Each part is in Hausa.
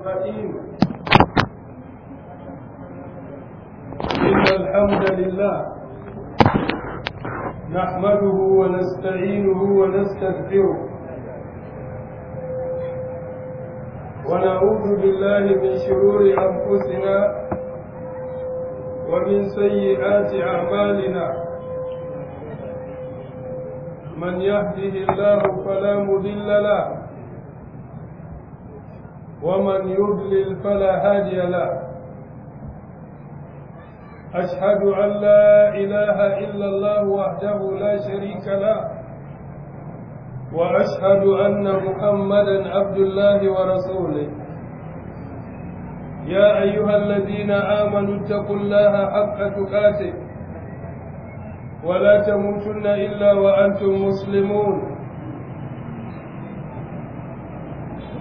إن الحمد لله نحمده ونستعينه ونستغفره ونعوذ بالله من شرور أنفسنا ومن سيئات أعمالنا من يهده الله فلا مضل له ومن يضلل فلا هادي له أشهد أن لا إله إلا الله وحده لا شريك له وأشهد أن محمدا عبد الله ورسوله يا أيها الذين آمنوا اتقوا الله حق تقاته ولا تموتن إلا وأنتم مسلمون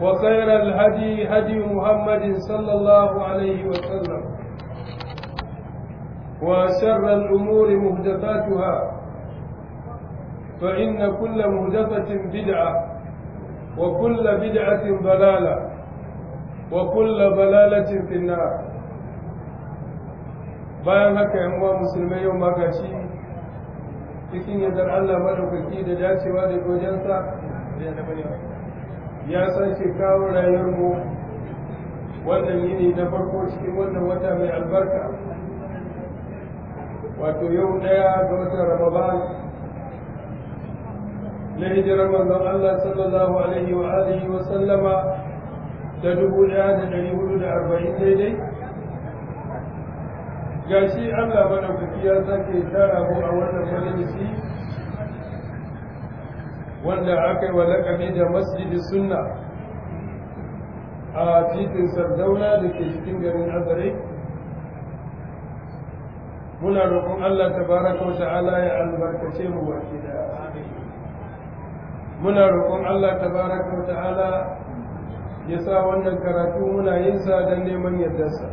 وخير الهدي هدي محمد صلى الله عليه وسلم وشر الأمور مهدفاتها فإن كل مهدفة بدعة وكل بدعة ضلالة وكل ضلالة في النار bayan haka yan uwa musulmai yau magashi cikin yadda Allah madaukaki da dacewa da gojensa ya sake kawo rayuwarmu wannan yini na farko cikin wannan wata mai albarka wato yau daya ga wata ramadan na hijirar manzon Allah sallallahu alaihi wa alihi wa sallama da dubu daya da dari hudu da arba'in daidai gashi Allah madaukaki ya sake tara mu a wannan majalisi wanda aka yi wa laƙabi da masjidi sunna a titin sardauna da ke cikin garin azare muna roƙon allah tabaraka wa ta'ala ya albarkace mu wake da muna roƙon allah tabaraka wa ta'ala ya sa wannan karatu muna yin sa don neman yardarsa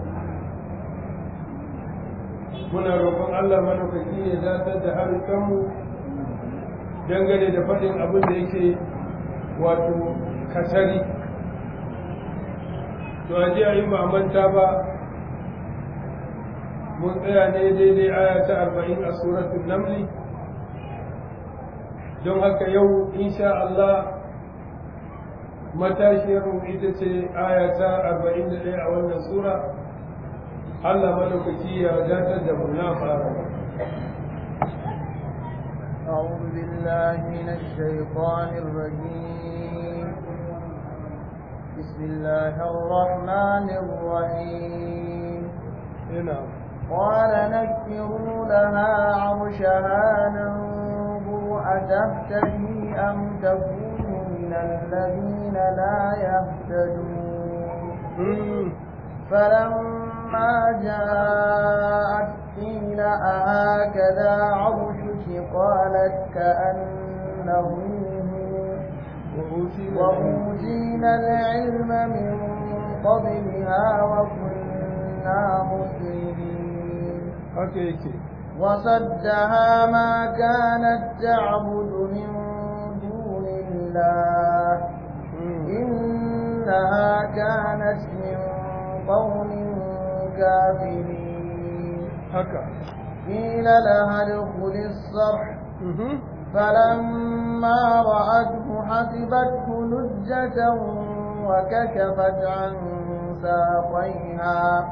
muna roƙon allah madaukaki ya datar da harkanmu dangane da faɗin abin da yake wato kasari to a ji a yi manta ba mun tsaya ne daidai aya ta arba'in a suratun namli don haka yau insha Allah matashiyar ita ce aya ta arba'in da ɗaya a wannan sura Allah madaukaki ya datar da mu na fara أعوذ بالله من الشيطان الرجيم بسم الله الرحمن الرحيم نعم قال نكروا لها عرشها ننظر أتهتدي أم تكون من الذين لا يهتدون فلما جاءت قيل أهكذا عرش البيت قالت كأنه وأوتينا العلم من قبلها وكنا مسلمين وصدها ما كانت تعبد من دون الله إنها كانت من قوم كافرين قيل لها ادخل الصرح فلما رأته حسبته لجة وكشفت عن ساقيها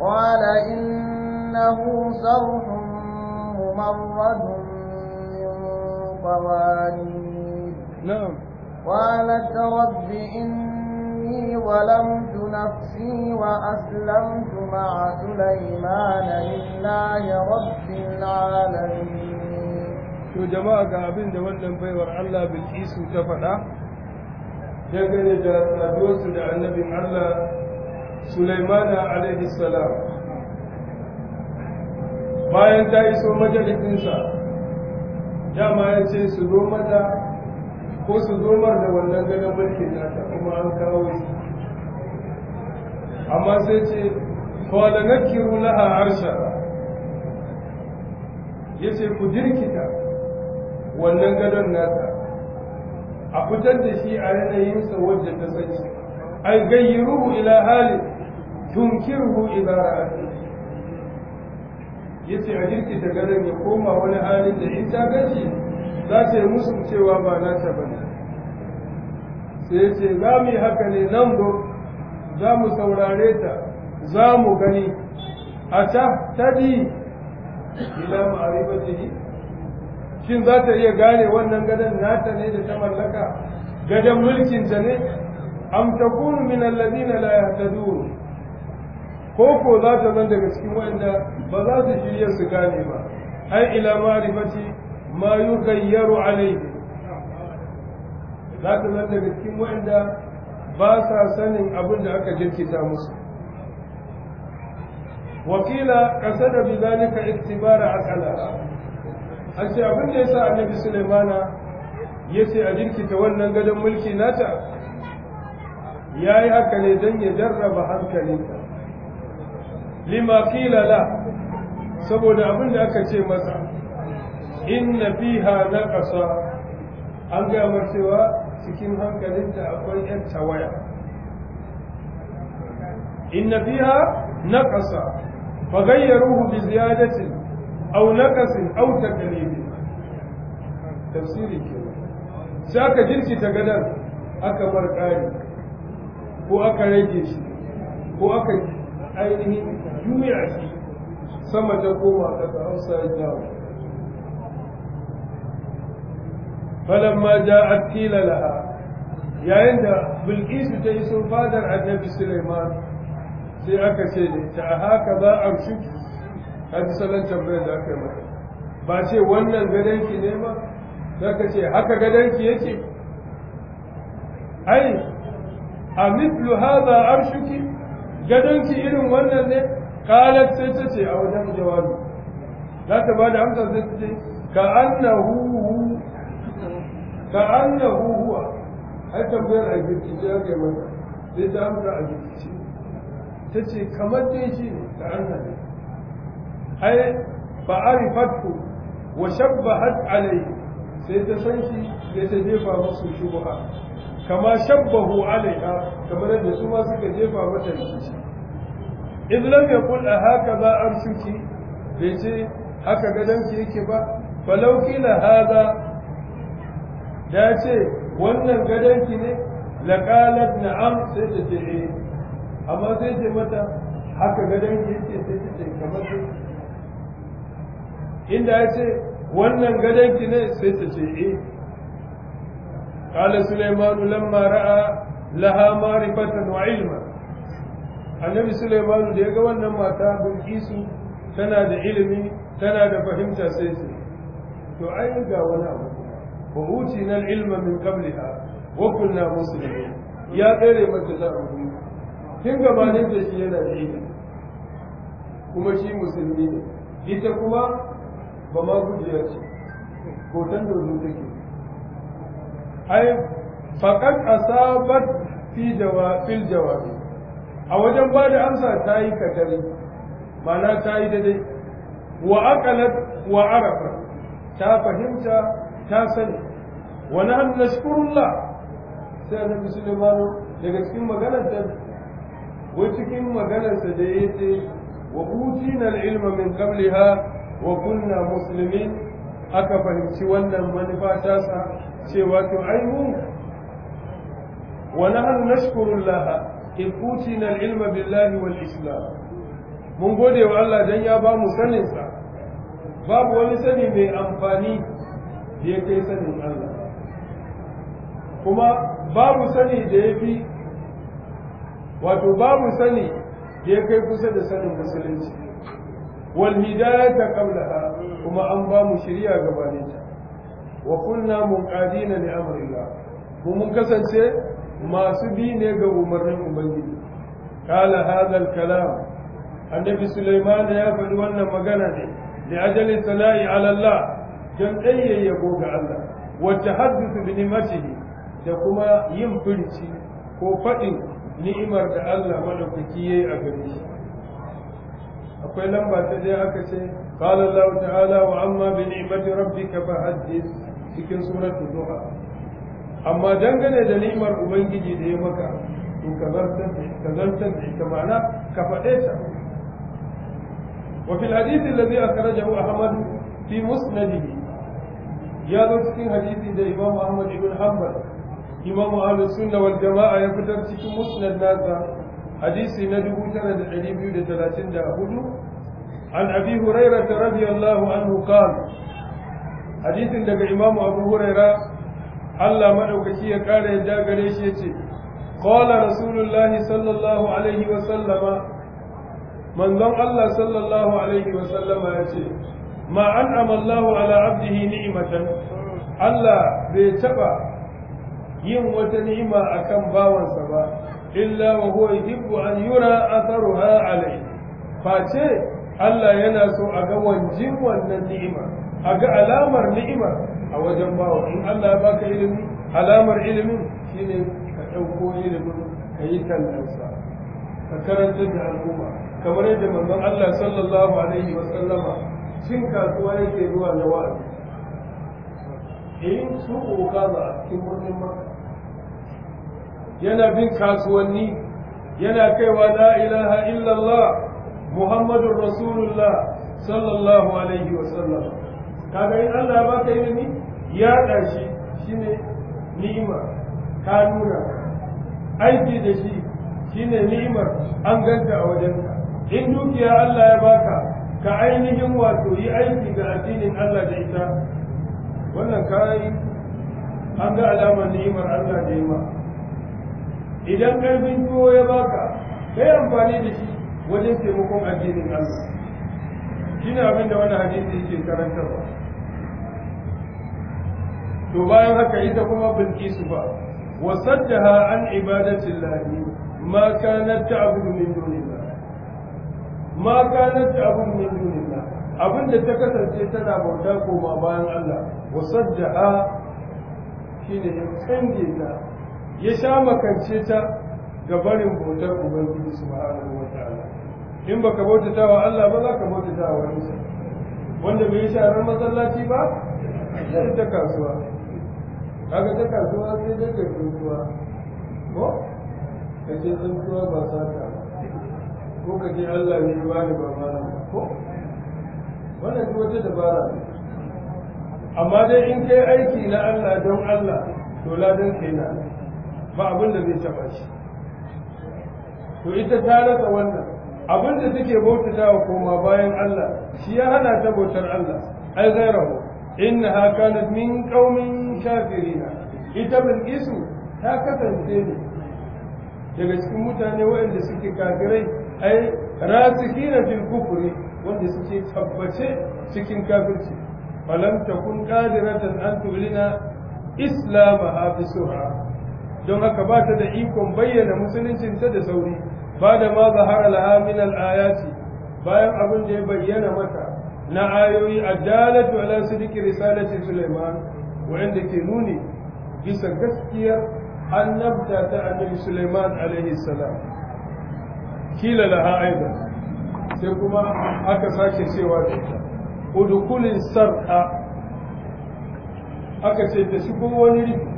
قال إنه صرح ممرد من قوانين نعم قالت رب إن نفسي ظلمت نفسي وأسلمت مع سليمان لله رب العالمين to jama'a ga abin da wannan baiwar Allah Bilkisu ta faɗa dangane da saduwarsu da annabin Allah Sulaimana alaihi salam bayan ta iso majalisinsa dama ya ce su zo mata ko su zoma da wannan ganin mulkin nata kuma an kawo shi amma sai ce kwada na kiru laha harshen. ya ce ku jirkita wannan ganin nata a fitar da shi a sa wadda ta sace, ai gayyiruhu ila halin tunkiruhu ila hali ya ce a jirkita ganin ya koma wani halin da in ta gaji za ta yi musu cewa ba nata ba ne sai ce za mu yi haka ne nan go za mu saurare ta za mu gani a ta tadi ila ne? shin za ta iya gane wannan gadon nata ne da ta mallaka gadon mulkin ta ne am kunu min alladhina la yahtadun ko ko za ta zan daga cikin wanda ba za su shirya su gane ba ai ila ma'arifati ma yugayyaru alayhi za ka zan daga cikin wa'anda ba sa sanin abin da aka jirkita musu wakila ƙasa da itibara iktibara akala a ce abin da ya sa annabi sulaimana ya ce a jirkita wannan gadon mulki nata ya yi haka ne don ya jarraba hankali? lima kila la saboda abin da aka ce masa In fi fiha na ƙasa an gaya cewa cikin hankalinta akwai ‘yan tawaya inna fiha naƙasa fagayyaruhu bi ziyadatin au naƙasin au takalibin tafsiri ke sai aka ta gadon aka bar ƙari ko aka rage shi ko aka ainihin a shi sama ta koma ƙasa an sa falamma ja'at qila laha yayin bilkisu ta iso fadar annabi suleiman sai aka ce ne ta haka ba a shi a salon tambayar da aka yi mata ba ce wannan gadonki ne ba za ka ce haka gadonki yake ai a mitlu haza arshuki gadonki irin wannan ne kalar ta ce a wajen za ta ta ce ka annahu ka an da huhuwa ai a ya sai ta amsa a ta ce kamar shi ne an da ba wa shabba alai sai ta ta jefa masu shubuha kama shabba hu alai kamar yadda su ma suka jefa mata rikici in lam haka ba arsuki bai ce haka gadan ki yake ba falauki na haza da ce wannan gadonki ne laƙalar na'am sai ta ce e amma sai ce mata haka gadonki yake sai ta ce kamar su inda ya ce wannan gadonki ne sai ta ce eh قال سليمان لما رأى لها wa ilma annabi Suleimanu da ya ga wannan mata Bilkisu tana da ilimi tana da fahimta sai ce to ai ga wani abu وأوتينا العلم من قبلها وكنا مسلمين يا غير ما تزعمون kin gabanin da shi yana da kuma shi musulmi ne ita kuma ba ma ce hoton dozu take ai faqad asabat fi jawafil jawabi a wajen ba da amsa ta yi katari mana ta yi daidai wa aqalat ta fahimta ta wa nahnu nashkurullah sai annabi Sulaiman daga cikin maganar da wa cikin maganar sa da yace wa utina al-ilma min qabliha wa kunna muslimin aka fahimci wannan manufa ta sa cewa to ai mu wa nahnu nashkurullah in utina al-ilma billahi wal islam mun gode wa Allah dan ya ba mu sanin sa babu wani sani mai amfani da ya kai sanin Allah kuma babu sani da ya fi wato babu sani da ya kai kusa da sanin musulunci wal hidayata ha, kuma an ba mu shirya gabanin ta wa kunna munqadina li amrillah mu mun kasance masu bi ne ga umarnin ubangiji kala hadha al kalam annabi sulaiman ya faɗi wannan magana ne li ajali sala'i ala allah dan ɗayyayyabo ga allah wa tahaddathu bi nimatihi da kuma yin firici ko faɗin ni'imar da Allah madaukaki ya yi a gare shi akwai lamba ta ɗaya aka ce wa amma bi وأما rabbika fa فحدث cikin suratul duha amma dangane da ni'imar ubangiji da ya maka to ka zartar da ita ma'ana ka faɗe ta wa fil hadith alladhi akhrajahu ahmad fi musnadihi ya zo cikin hadisi da imam ahmad ibn hanbal imamu ahlus sunna jama'a ya fitar cikin musnad nasa hadisi na 9234 an abi hurairah radiyallahu anhu qala hadisin daga imamu abu hurairah Allah madaukaki ya kara yadda gare shi yace qala rasulullahi sallallahu alaihi wa sallama manzon Allah sallallahu alaihi wa sallama yace ma an'ama Allahu ala abdihi ni'matan Allah bai taba yin wata ni'ima akan bawansa ba illa wa huwa yuhibbu an yura atharuha alai face Allah yana so a ga wanjin wannan ni'ima a ga alamar ni'ima a wajen bawa in Allah ya baka ilimi alamar ilimin shine ka ɗauko ilimin ka yi tallansa ka karanta da al'umma kamar yadda manzon Allah sallallahu alaihi wa sallama cin kasuwa yake zuwa da wa'azi in eh, su ƙoƙa ba a cikin birnin maka yana bin kasuwanni yana kaiwa la ilaha illallah muhammadun rasulullah sallallahu alaihi wasallam kaga in Allah ya baka ilimi ya dashi shine ni'ima ka nuna aiki da shi shine ni'imar an ganta a wajenka in dukiya Allah ya baka ka ainihin wato yi aiki ga addinin Allah da ita wannan kayi an ga alamar ni'imar Allah da yi ma. idan karfin tuwo ya baka sai amfani da shi wajen taimakon addinin Allah shine abin da wannan hadisi yake karantarwa to bayan haka ita kuma bilkisu ba saddaha an ibadati llahi ma kanat ta'budu min dunillah ma kanat ta'budu min dunillah abinda ta kasance tana bauta koma bayan Allah wasaddaha shine ya tsange ta ya sha makance ta ga barin bautar ubangiji subhanahu wata ta'ala in baka bautata wa Allah ba za ka bautata wa wani wanda bai sha ran masallaci ba sai ta kasuwa kaga ta kasuwa sai dai ta tsuntuwa ko ka ce tsuntuwa ba ta ko ka ce Allah ne ba ni ba ba ko wannan duk wata dabara amma dai in kai aiki na Allah don Allah to ladan kai na ba abin da zai taba shi to ita ta rasa wannan abin da take bautata wa koma bayan Allah shi ya hana ta bautar Allah ai gairahu innaha kanat min qaumin kafirina ita bin isu ta kasance ne daga cikin mutane waɗanda suke kafirai ai rasikina fil kufri wanda suke tabbace cikin kafirci falam takun qadiratan an tublina islamaha bi sur'a don haka ba ta da ikon bayyana musuluncinta da sauri ba da ma zahara laha min al-ayati bayan abin da ya bayyana mata na ayoyi addalatu ala sidiki risalati Sulaiman wanda ke nuni bisa gaskiyar annabta ta annabi Sulaiman alaihi salam kila laha aidan sai kuma aka sake cewa da ita aka ce ta shigo wani rufi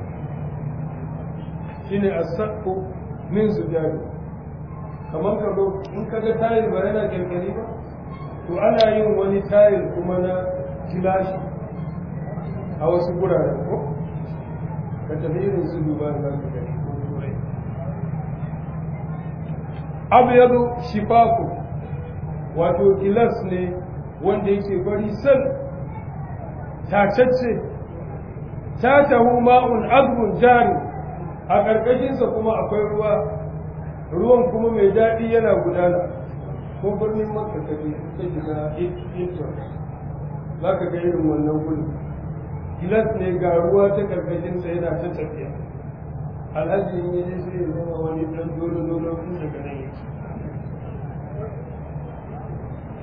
shine as-saqu min zujaj kamar ka zo in ka ga tayin ba yana kirkiri ba to ana yin wani tayin kuma na gilashi a wasu gurare ko ka tafi irin su duba za ka gani abyadu shifaku wato gilas ne wanda yake bari sal tacacce ta tahu ma'un azbun jari a ƙarƙashinsa kuma akwai ruwa ruwan kuma mai daɗi yana gudana ko birnin makka ka je ka shiga intern za ka ga irin wannan gudu gilas ne ga ruwa ta ƙarƙashinsa yana ta tafiya alhaji ne yi zai yi zama wani ɗan dole dole kun daga nan yake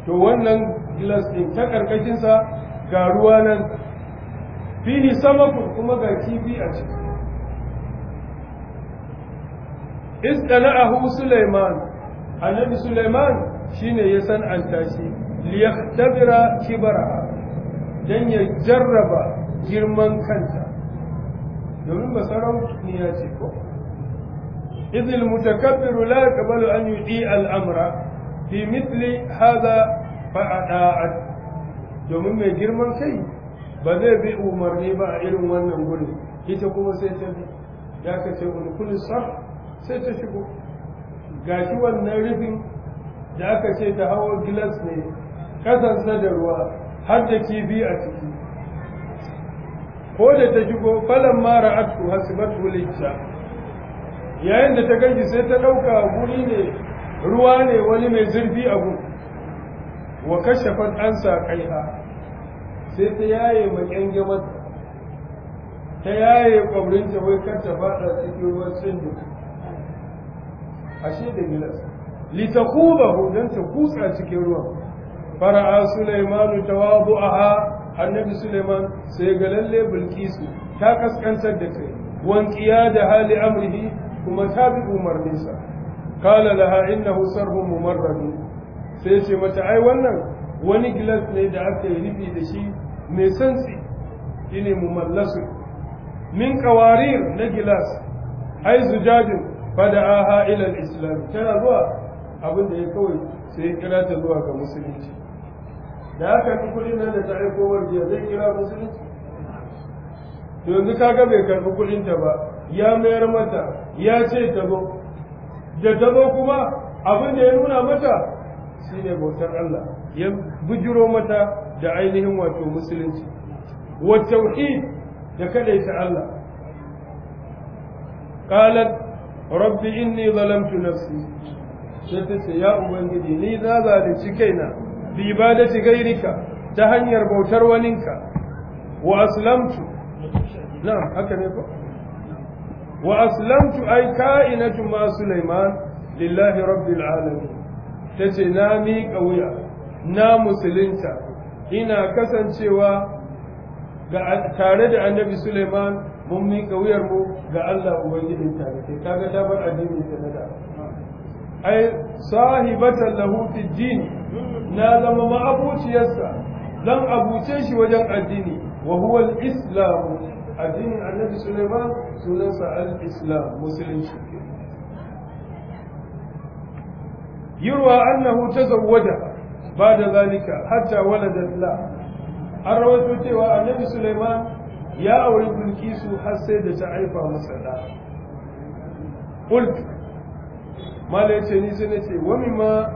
to wannan gilas ɗin ta ƙarƙashinsa ga ruwa nan fili sama kuma ga kifi a ciki istala'ahu Sulaiman annabi Sulaiman shine ya san an tashi liyahtabira kibara dan ya jarraba girman kanta domin basarauniya ce ko idil mutakabbiru la yaqbalu an yudi al'amra fi mithli hadha fa'ada'at domin mai girman kai ba zai bi umarni ba a irin wannan gurin ita kuma sai ta bi ya kace ulkul sah sai ta shigo gashi wannan rufin da aka ce ta hawa gilas ne kasansa da ruwa har da kifi a ciki ko da ta shigo falon mara atu hasibatu lijja yayin da ta gaji sai ta ɗauka guri ne ruwa ne wani mai zurfi a gun wa kashe an kai kaiha sai ta yaye maƙyan mata ta yaye ta wai kar ta faɗa cikin ruwan sun ashe da gilas litakhudahu dan ta kusa cikin ruwan fara'a Sulaiman tawadu'aha annabi Sulaiman sai ga lalle Bilkisu ta kaskantar da kai wan da hali amrihi kuma ta bi umarninsa qala laha innahu sarhu mumarrad sai ce mata ai wannan wani gilas ne da aka yi rufi da shi mai santsi shine mumallasu min kawarir na gilas ai zujajin Fada aha al-islam tana zuwa abin da ya kawai sai ya kira ta zuwa ga musulunci da haka fi kuɗin nan da ta aiko warjiya zai kira musulunci to yanzu ga bai karbi kudin ta ba ya mayar mata ya ce ta zo da ta zo kuma abin da ya nuna mata shine bautar Allah ya bujiro mata da ainihin wato musulunci wa tauhid da kadaita Allah qalat rabbi inni zalamtu nafsi sai ta ce ya ubangiji ni na zalunci kaina bi ibadati gairika ta hanyar bautar waninka wa aslamtu na'am haka ne ko wa aslamtu ay ka'inatu ma sulaiman lillahi rabbil alamin tace na miƙa wuya na musulunta ina kasancewa tare da annabi Suleiman mun miƙa wuyar mu ga Allah ubangijin ta ke kaga ta bar addini ta nada ai sahibatan lahu fi din na zama ma'abuciyarsa dan abuce shi wajen addini wa huwa Islamu, addinin annabi Sulaiman sunansa al-islam musulunci Yurwa Annahu ta يروى أنه تزوج بعد ذلك حتى ولدت An الرويت cewa Annabi سليمان ya auri su har sai da ta aifa masa da qult mala ce, ni sai nace wa mimma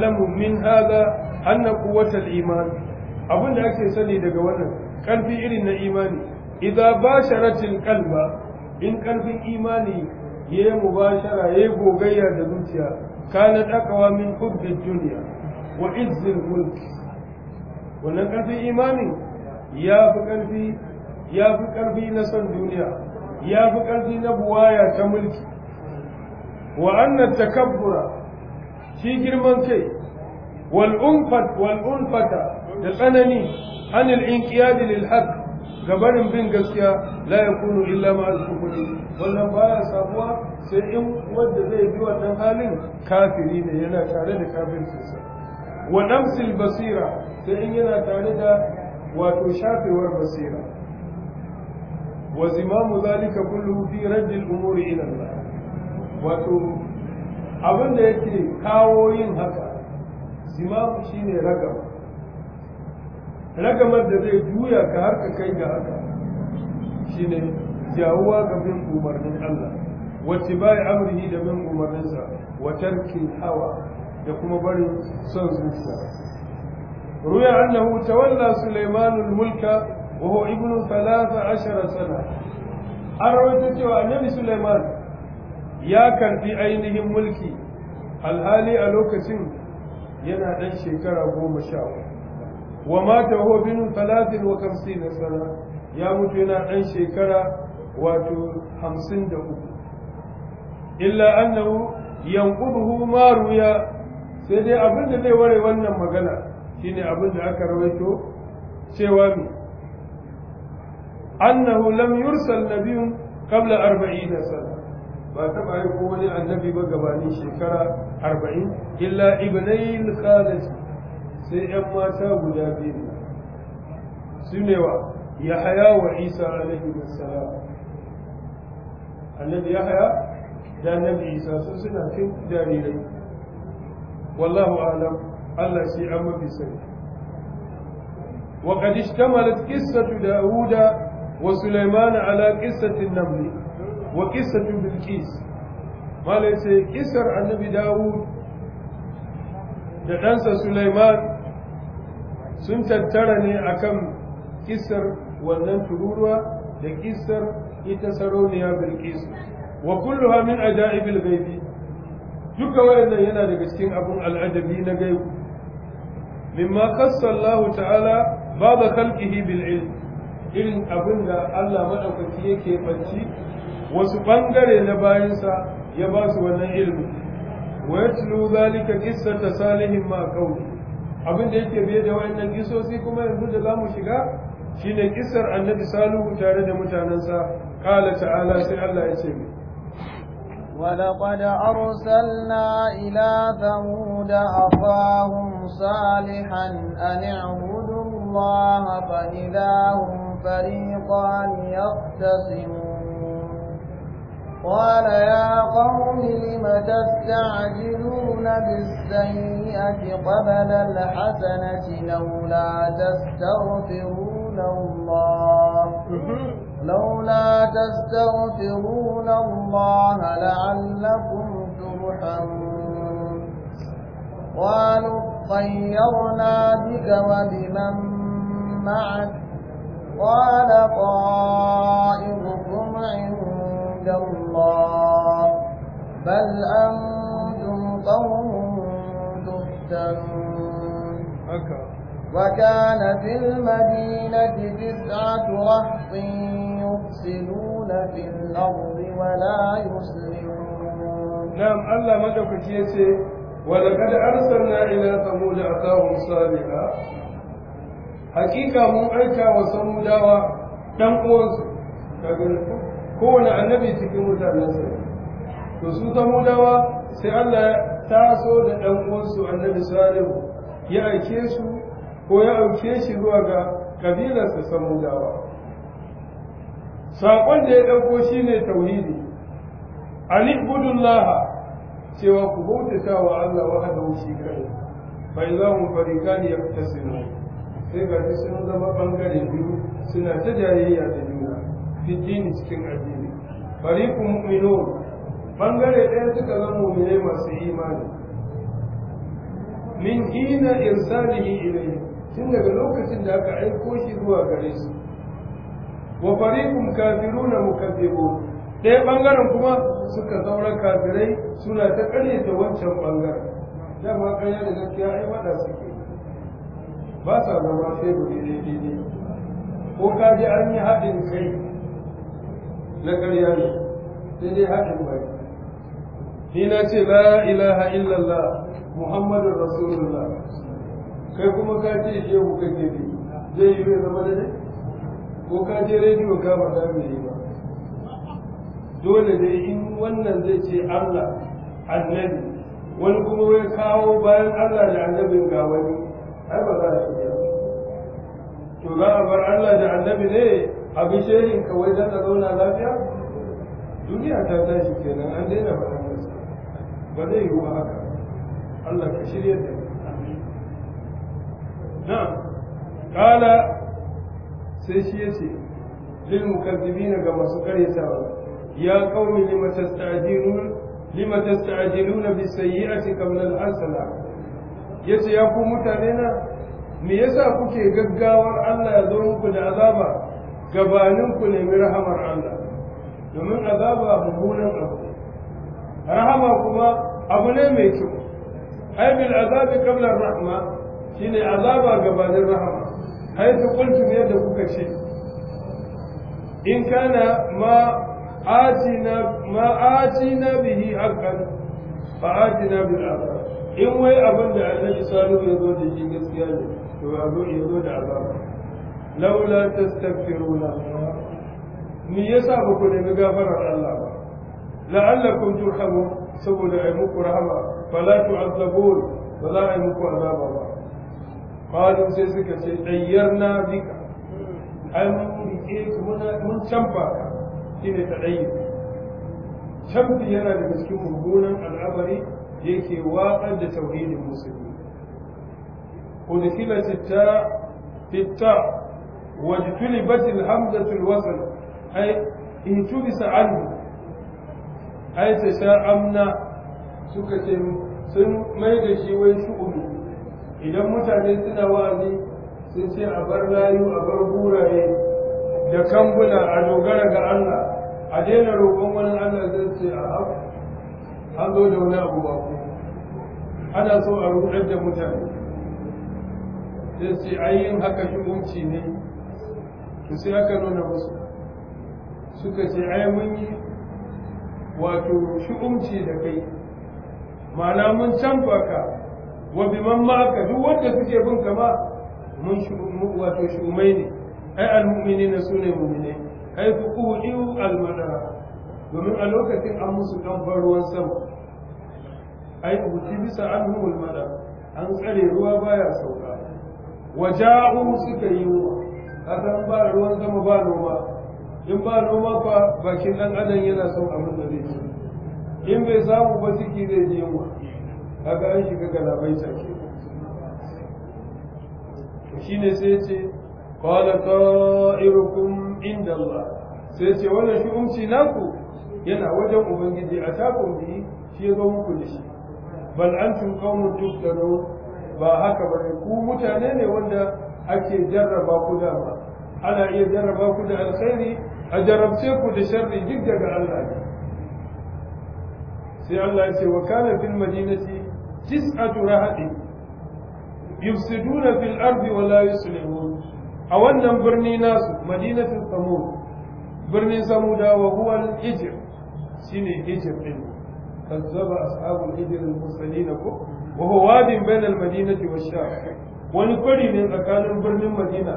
lamu min hadha anna quwwata iman? Abun da ake sani daga wannan karfi irin na imani idza basharatil qalba in karfin imani yi mubashara yi gogayya da zuciya kana takawa min hubbid dunya wa izzil mulk wannan karfin imani ya fi karfi ya fi ƙarfi na son duniya ya fi ƙarfi na buwaya ta mulki Wa'annan takabbura shi girman kai wal'unfata da tsanani anil inqiyadi lil haqq gabarin bin gaskiya la yakunu illa ma al-kufri wannan baya samuwa sai in wanda zai bi wannan halin kafiri ne yana tare da kafircinsa wa namsil basira sai in yana tare da wato shafewar basira وزمام zimamu كله في رد raddil umuri الله Allah wato abin da yake kawo yin haka zimamu shine ragam ragamar da zai juya ka har ka kai ga haka shine jawuwa ga bin umarnin Allah wa tibai amrihi da bin umarninsa wa tarkin hawa da kuma barin son zuciya ruya annahu tawalla sulaimanul mulka wa huwa ibnu thalatha sana an rawaito cewa annabi Suleiman ya karɓi ainihin mulki alhali a lokacin yana ɗan shekara goma sha wa mata huwa binu talatin wa kamsin sana ya mutu yana ɗan shekara wato hamsin da uku illa annahu yanquduhu ma sai dai abin da zai ware wannan magana shine abin da aka rawaito cewa annahu lam yursal nabiyyun qabla 40 sana ba ta taba aiko wani annabi ba gabanin shekara 40 illa ibnayil khalid sai yan mata guda biyu sunewa yahya wa isa alaihi salam annabi yahya da annabi isa su suna fin jarirai wallahu alam Allah shi an mafi sani وقد اشتملت قصة داود وسليمان على قصة النمل وقصة بلقيس ما ليس قصر النبي داود لأنسى سليمان sun tattara ne a kan kisar wannan tururuwa da kisar ita sarauniya bilkis wa kulluha min ajaibil ghaibi duka wayannan yana daga cikin abun al'ajabi na gaibu mimma qassa ta'ala ba'da khalqihi bil ilm irin abin da Allah maɗaukaki yake banci wasu ɓangare na bayansa ya ba su wannan ilimi wa yatlu zalika qissata salihin ma abin da yake biye da wayannan kisosi kuma yanzu da mu shiga shine kissar annabi salihu tare da mutanansa qala ta'ala sai Allah ya ce ولقد أرسلنا إلى ثمود أخاهم صالحا أن اعبدوا الله فإذا هم فريقان يختصمون قال يا قوم لم تستعجلون بالسيئة قبل الحسنة لولا تستغفرون الله لولا تستغفرون الله لعلكم ترحمون قالوا طيرنا بك وبمن معك قال طائركم عند الله بل أنتم قوم تفتنون وكان في المدينة تسعة رهط يفسدون في الأرض ولا يصلحون نعم الله مدوك يسي ولقد أرسلنا إلى ثمود أخاهم صالحا hakika mun aika wa samudawa dan uwansu daga kowane annabi cikin mutanen mutanensa to su samudawa sai Allah ya taso da dan uwansu annabi salihu ya aike su ko ya aike shi zuwa ga kabilarsa samudawa saƙon da ya ɗauko shine tauhidi an ibudullaha cewa ku bautata wa Allah wahdahu shi kai fa idza hum fariqan yaqtasimun sai ga sun zama bangare biyu suna ta jayayya da juna fi cikin addini ku mu'minu bangare ɗaya suka zama mu'mine masu imani min hina irsalihi ilayhi tun daga lokacin da aka aiko shi zuwa gare su wa fariqun kafiruna mukaththibun ɗaya bangaren kuma suka zaura kafirai suna ta ƙaryata wancan bangaren dama ƙarya da gaskiya ai wada suke ba sa zama sai daidai ne ko ka ji an yi haɗin kai na ƙarya ne sai dai haɗin bai ni na ce la ilaha illallah muhammadun rasulullah kai kuma ka ce shehu kake bi zai yi mai zama dai? ko ka je rediyo ka ba za mu yi ba dole dai in wannan zai ce Allah annabi wani kuma wai kawo bayan Allah da annabin ga wani ai ba za a shirya to za a bar Allah da annabi ne a bishirin kawai don ta zauna lafiya duniya ta tashi kenan an daina faɗan wasu ba zai yi wa haka Allah ka shirya da na kala sai shi ya ce lil mukazzibina ga masu karyatawa ya lima qaumi limatasta'jilun limatasta'jiluna bis sayyi'ati qabla al-hasana ya ce ya ku mutane na me yasa kuke gaggawar Allah ya zo muku da azaba gabanin ku nemi rahamar Allah domin azaba mummunan abu rahama kuma abu ne mai kyau ai bil azabi qabla rahma shine azaba gabanin rahama haitu qultum yadda kuka ce in kana ma atina ma atina bihi haqqan fa atina bil azab in wai abin da annabi salihu ya zo da shi gaskiya ne to abu ya zo da azaba laula tastaghfiruna ni yasa ba ku nemi gafarar Allah ba la'allakum turhamun saboda ai muku rahama fala tu'azzabun ba za a yi muku azaba ba qalu sai suka ce dayyarna bika ai mun rike ku mun canfa ka ta tadayyur canfi yana daga cikin mummunan al'amari yake waƙar da tauhidin musulmi udkhilat ta fitta wa tulibat alhamzatu alwasl ay Ai ta ay amna suka ce sun mai da shi wai shu'udu idan mutane suna wa'azi sun ce a bar layu a bar buraye da kambuna a dogara ga Allah a daina roƙon wani Allah zai ce a an zo da wani abu ba ku ana so a rubutar da mutane sai su ayin haka shugunci ne to sai aka nuna musu suka ce ai mun yi wato shugunci da kai ma'ana mun canfa ka wa biman ka duk wanda suke bin kama mun wato shumai ne ai almu'mini na su ne mu'mini kai fuku iu almana domin a lokacin an musu ɗan ruwan sama ai uti bisa anhu mala an tsare ruwa baya sauka waja'u suka yi wa kasan ba ruwan sama ba noma in ba noma fa bakin dan adam yana son abin da zai ci in bai samu ba ciki zai ji yunwa? kaga an shiga galabai take ne sai ce qala qa'irukum inda Allah sai ce wannan umci naku yana wajen ubangiji a takun bi shi ya zo muku da shi bal antum qaumun tuftanun ba haka ne ku mutane ne wanda ake jarraba ku da ba ana iya jarraba ku da alkhairi a jarabce ku da sharri duk daga Allah ne sai Allah ya ce wa kana fil madinati tis'atu rahadi yufsiduna fil ardi wa la yuslihun a wannan birni nasu madinatu samud birnin samuda wa huwa al-ijr shine ijr din كذب أصحاب الحجر المرسلين وهو واد بين المدينة والشام ونقري من مكان برن المدينة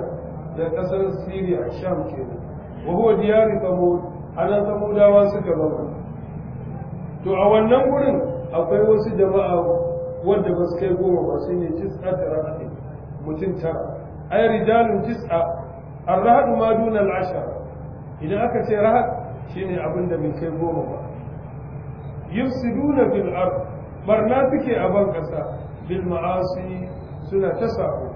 لكسر السيريا الشام كده وهو ديار ثمود أنا ثمود واسك بابا to a wannan gurin akwai wasu jama'a wanda ba su kai goma ba su ne tis'a da rahaɗi mutum tara ai rijalun tis'a arrahadu ma duna al'ashara idan aka ce rahad shine abin da bai kai goma ba yufsiduna fil ard barna suke a ban kasa bil ma'asi suna ta sako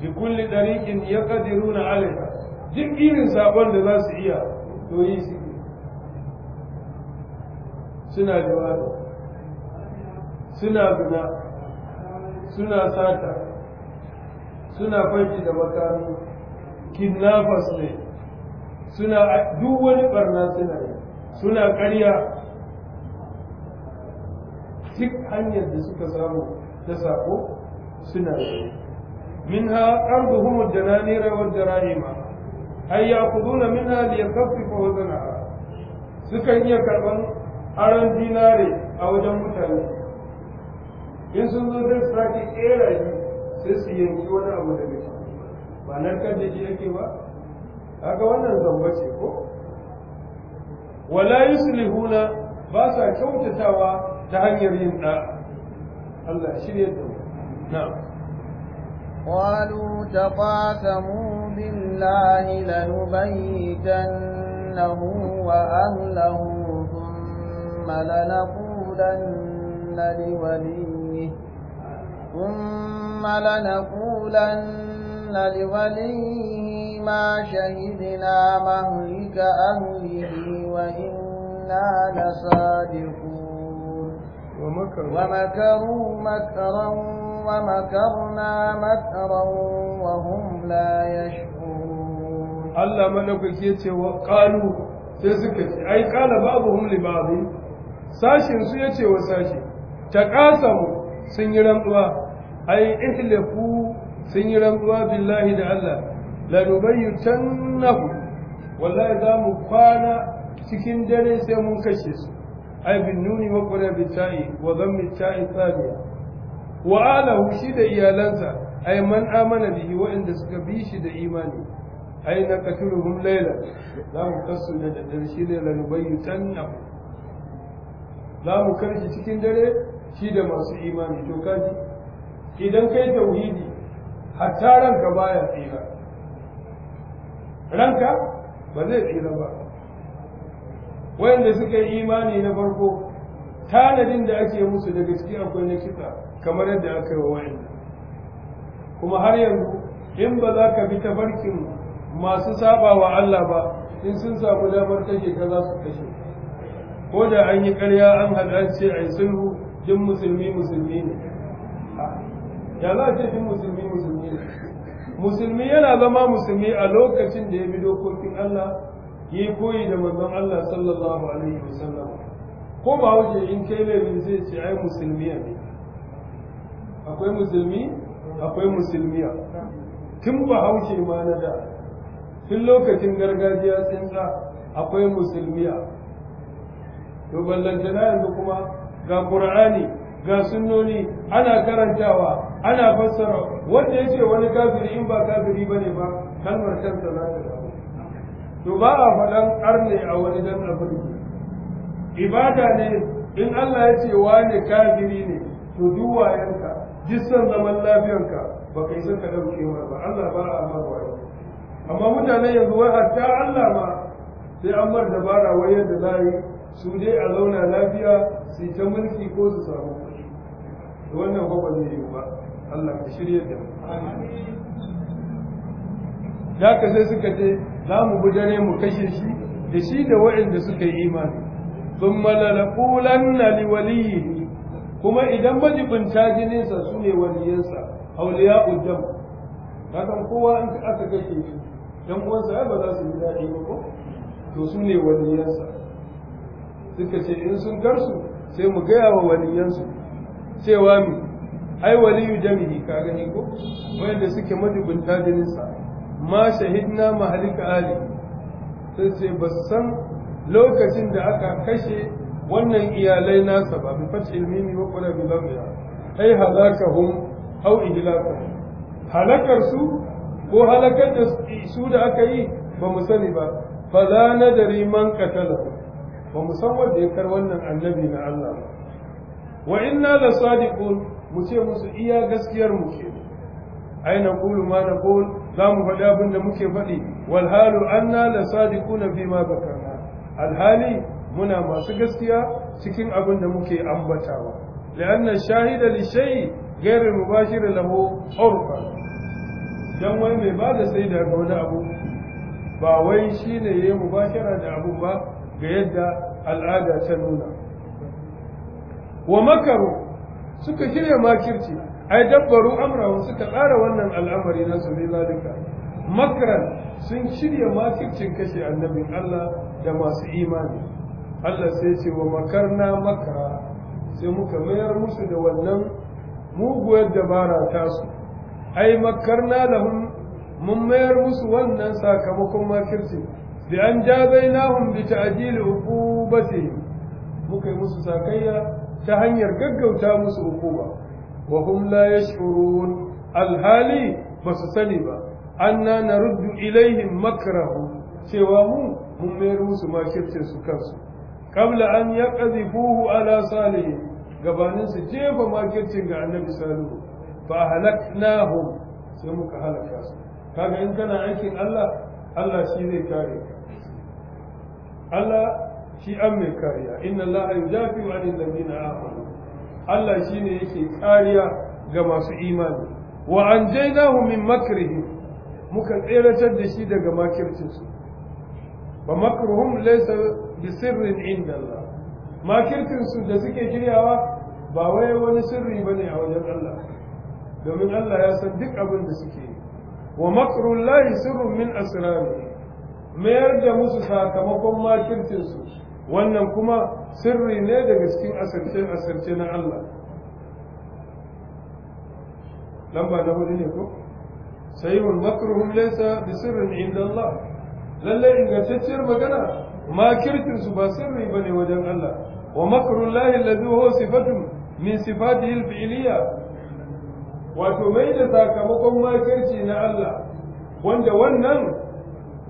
bi kulli dariqin yaqdiruna alaiha duk irin sabon da za su iya to yi su suna jawabi suna guna suna sata suna farki da makami kidnappers ne suna duk wani barna suna yi suna karya duk hanyar da suka samu ta sako suna yi minha arduhum ad-dananira wad darahima ay ya'khuduna minha liyakaffifu wazanaha sukan iya karban aron dinare a wajen mutane in sun zo zai sake kera shi sai su yanki wani abu daga ciki ba narkar da shi yake ba kaga wannan zamba ce ko wala yuslihuna ba sa kyautatawa ta hanyar yin ɗa Allah shirya da na Walu ta fata mu billahi lalubaitannahu wa ahlahu thumma lanaqulanna liwaliyyi thumma lanaqulanna liwaliyyi ma shahidna mahlika ahlihi wa inna lasadiqun ومكروا مكرا ومكرنا مكرا وهم لا يشعرون الله ملكك يتي وقالوا تزكت أي قال بعضهم لبعض ساشن سيتي وساشن تقاسموا سنجرم الله أي احلفوا سنجرم الله بالله تعالى لنبيتنه والله إذا مقانا cikin dare sai mun kashe su ay binnuuni ma qoraa bitaa'i wa dammi taa'i thaaniya wa aalahu shi da iyaalansa ay man aamana bihi suka bi shi da imani ay naqtuluhum layla za mu kasu da daddare shi ne lanubayyitanna za mu karshe cikin dare shi da masu imani to kaji idan kai tauhidi hatta ranka baya tsira ranka ba tsira ba wayanda suka yi imani na farko tanadin da ake musu da gaske akwai na kisa kamar yadda aka yi wa kuma har yanzu in ba za ka bi ta masu saba wa Allah ba in sun samu damar kashe ka za su kashe ko da an yi karya an haɗa ce a yi sulhu musulmi musulmi ne ya za ce musulmi musulmi ne musulmi yana zama musulmi a lokacin da ya bi dokokin Allah yi koyi da manzon Allah sallallahu alaihi wasallam ko ba wuce in kai laifin zai ce ai musulmiya ne akwai musulmi akwai musulmiya tun ba haushe ma na da tun lokacin gargajiya tsinsa akwai musulmiya to ballantana yanzu kuma ga qur'ani ga sunnoni ana karantawa ana fassara wanda yace wani kafiri in ba kafiri bane ba kalmar kanta za ta to ba a faɗan arne a wani dan afirka ibada ne in Allah ya ce wane kafiri ne to duwayenka jisan zaman lafiyanka ba kai san ka ɗauke ba Allah ba a marwa amma mutane yanzu wai hatta Allah ma sai an bar dabara wai yadda za yi su dai a zauna lafiya su ta mulki ko su samu kuɗi wannan ba ba zai yi ba Allah ka shirya da mu da ka sai suka ce za mu ne mu kashe shi da shi da waɗanda suka yi imani sun malalakulan na liwaliyi kuma idan majibinta jininsa su ne waliyansa hauliya ta kan kowa an aka kashe shi dan uwansa ba za su yi daɗi ba ko to su ne waliyansa suka ce in sun karsu sai mu gaya wa waliyansu cewa mi ai waliyu jami'i ka gani ko wanda suke majibin jininsa ma shahidna mahalika ali sai ce ba san lokacin da aka kashe wannan iyalai nasa ba bi fati ilmimi wa kula bi lafiya ai halakahum au ihlakahum halakar su ko halakar da su da aka yi ba mu sani ba fa la nadari man qatala ba mu san wanda ya kar wannan annabi na Allah ba wa inna la sadiqun mu ce musu iya gaskiyar mu ke ai na ko ma na qul za mu faɗi abin da muke faɗi wal halu anna la sadiquna fi ma bakarna alhali muna masu gaskiya cikin abin da muke ambatawa la'anna shahida li shay ghayr mubashir lahu urfa dan wai mai ba da sai da ga wani abu ba wai shine yayi mubashara da abu ba ga yadda al'ada ta nuna wa suka shirya makirci ai dabbaru amrahu suka tsara wannan al'amari na su zalika makran sun shirya makircin kashe annabin Allah da masu imani Allah sai ce wa makarna makara sai muka mayar musu da wannan muguwar dabara su. ai makarna lahum mun mayar musu wannan sakamakon makircin. bi an bainahum bi ta'jil uqubati muka yi musu sakayya ta hanyar gaggauta musu uquba wa hum la alhali ba su sani ba anna naruddu ilaihim makrahu cewa mu mun mayar musu makircin su kansu Kabla an yaqdhifuhu ala salih gabanin jefa makircin ga annabi salihu fa halaknahum sai muka halaka kaga in kana aikin Allah Allah shi zai kare ka Allah shi an mai kariya inna Allah shi ne yake kariya ga masu imani wa an hu min makrihim muka tseratar da shi daga makircinsu. Ba wa makruhum laysa bi sirrin inda Allah makircinsu da suke kiryawa ba wai wani sirri bane a wajen Allah domin Allah ya san duk abin da suke yi wa makrullahi sirrun min asrarihi mayar da musu sakamakon makircinsu wannan kuma sirri ne daga cikin asirce-asirce na Allah lamba na hudu ne ko sayyidul makruhum laysa bi sirrin inda Allah Lallai ingantacciyar magana makircin ba sirri ba ne wajen Allah wa makrul lahi alladhi huwa sifatun min sifatihi al wato mai da sakamakon makirci na Allah wanda wannan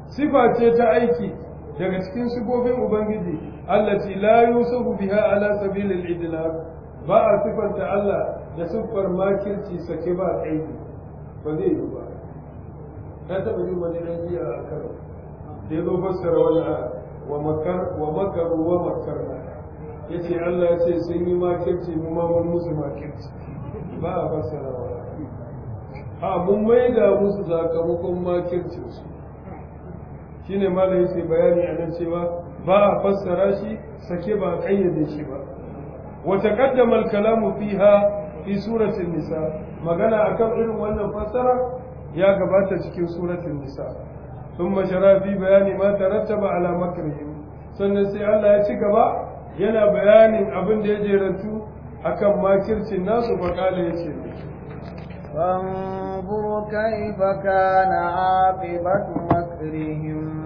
sifa ce ta aiki daga cikin sifofin ubangiji allati la Yusufu biha ala sabilil idlab ba a sifanta Allah da siffar makirci sake ba aiki ba zai yi ba ka taɓa yin wani ɗan jiya a karo da ya zo fassara wani wa makaru wa makarna ya ce Allah ya ce sun yi makirci mu ma mun musu makirci ba a fassara wa Ha mun maida musu sakamakon makircinsu shine malai yake bayani a nan cewa ba a fassara shi sake ba a kayyade shi ba Wace ƙaddamar kalamu fi fi suratun nisa magana akan irin wannan fassara ya gabata cikin suratun nisa Tun masharafi fi bayani ma tarattaba ala makrihim sannan sai Allah ya ci gaba yana bayanin abin da ya jerantu akan makircin nasu faƙala ya ce فانظر كيف كان عاقبة مكرهم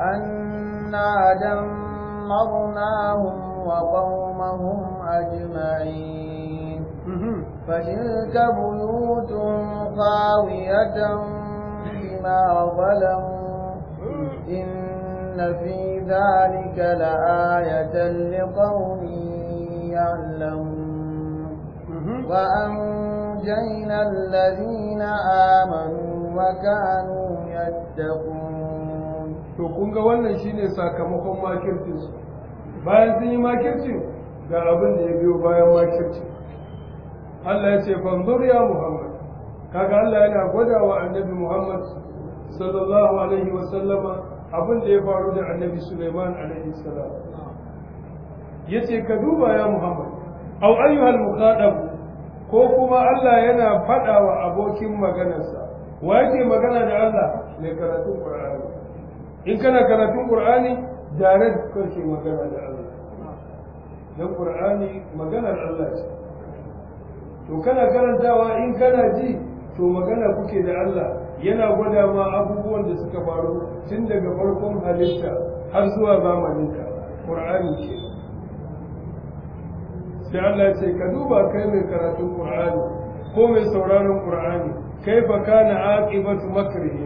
أنا دمرناهم وقومهم أجمعين فتلك بيوت خاوية بما ظلموا إن في ذلك لآية لقوم يعلمون وأنجينا الذين آمنوا وكانوا يتقون to kun ga wannan shine sakamakon makircin su bayan sun yi makircin ga abin da ya biyo bayan makircin Allah ya ce fanzur ya Muhammad kaga Allah yana gwada wa annabi Muhammad sallallahu alaihi wa sallama abin da ya faru da annabi Sulaiman alaihi salam yace ka duba ya Muhammad au ayyuhal muqaddam ko kuma Allah yana faɗa wa abokin maganarsa wa yake magana da Allah mai karatun Qur'ani in kana karatun ƙur'ani dare karshe magana da Allah Don ƙur'ani maganar Allah ce to kana karantawa in kana ji to magana kuke da Allah yana gwada ma abubuwan da suka faru tun daga farkon halitta har zuwa zamaninka ƙur'ani ce sai Allah ce ka duba kai mai karatun ƙur'ani ko mai sauraron kai ba kana aqibatu makrihi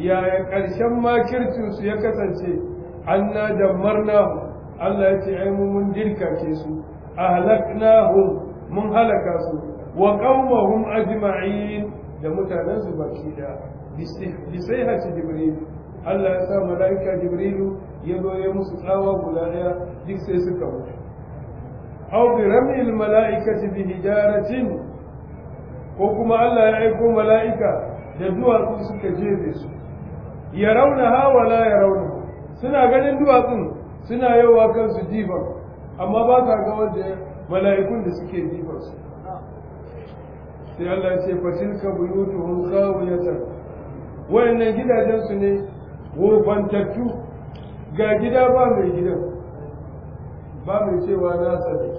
yaya ƙarshen makircinsu ya kasance an na dammarna Allah ya ce ai mun ke su a ahlaknahum mun halaka su wa qaumahum ajma'in da mutanensu baki da bisaihaci jibrilu Allah ya sa mala'ika jibrilu ya zo ya musu tsawa guda ɗaya duk sai suka mutu aw bi ramil mala'ikati bi hijaratin ko kuma Allah ya aiko mala'ika da duwatsu suka jefe su ya rauna hawa la ya rauna suna ganin duwatsun suna yawa kansu jifan amma ba sa ga wanda mala'ikun da suke su. sai Allah ce fatilka buyutuhum khawiyatan wayannan gidajen su ne gurbantattu ga gida ba mai gidan ba mai cewa na sani